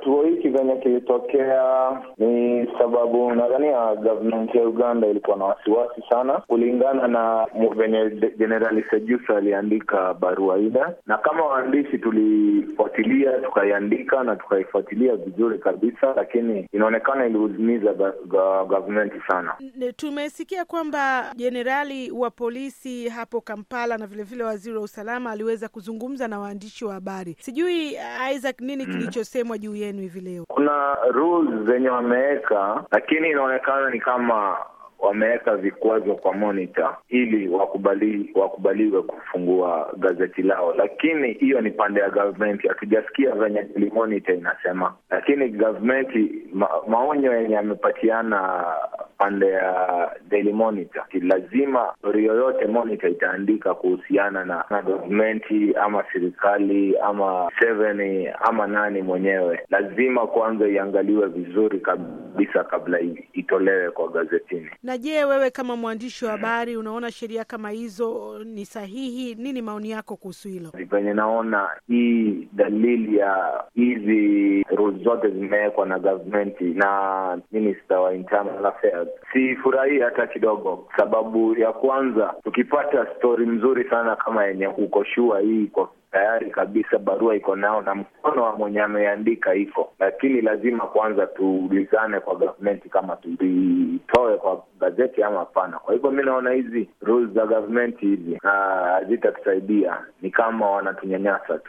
hatua hiki venye kilitokea ni sababu nadhania government ya Uganda ilikuwa na wasiwasi sana, kulingana na venye Jenerali Sejusa aliandika barua ile, na kama waandishi tulifuatilia, tukaiandika na tukaifuatilia vizuri kabisa, lakini inaonekana ilihuzumiza government sana. Tumesikia kwamba jenerali wa polisi hapo Kampala na vilevile vile waziri wa usalama aliweza kuzungumza na waandishi wa habari. Sijui uh, Isaac, nini mm. kilichosemwa juu yenu? yenu hivi leo? Kuna rules zenye wameweka, lakini inaonekana ni kama wameweka vikwazo kwa Monitor ili wakubali, wakubaliwe kufungua gazeti lao, lakini hiyo ni pande ya gavmenti. Hatujasikia venye Monitor inasema, lakini gavmenti ma, maonyo yenye amepatiana pande ya Daily Monitor, lazima yoyote Monitor itaandika kuhusiana na, na gavumenti ama serikali ama seven ama nani mwenyewe, lazima kwanza iangaliwe vizuri kabisa kabisa kabla itolewe kwa gazetini. Na je, wewe kama mwandishi wa habari unaona sheria kama hizo ni sahihi? Nini maoni yako kuhusu hilo? Venye naona hii dalili ya hizi rules zote zimewekwa na gavmenti na minista wa internal affairs sifurahii hata kidogo. Sababu ya kwanza, tukipata stori mzuri sana kama yenye uko shua hii kwa tayari kabisa, barua iko nao na mkono wa mwenye ameandika iko, lakini lazima kwanza tuulizane kwa gavmenti kama tuitoe kwa gazeti ama hapana. Kwa hivyo mi naona hizi rules za gavmenti hizi hazitatusaidia, ni kama wanatunyanyasa tu.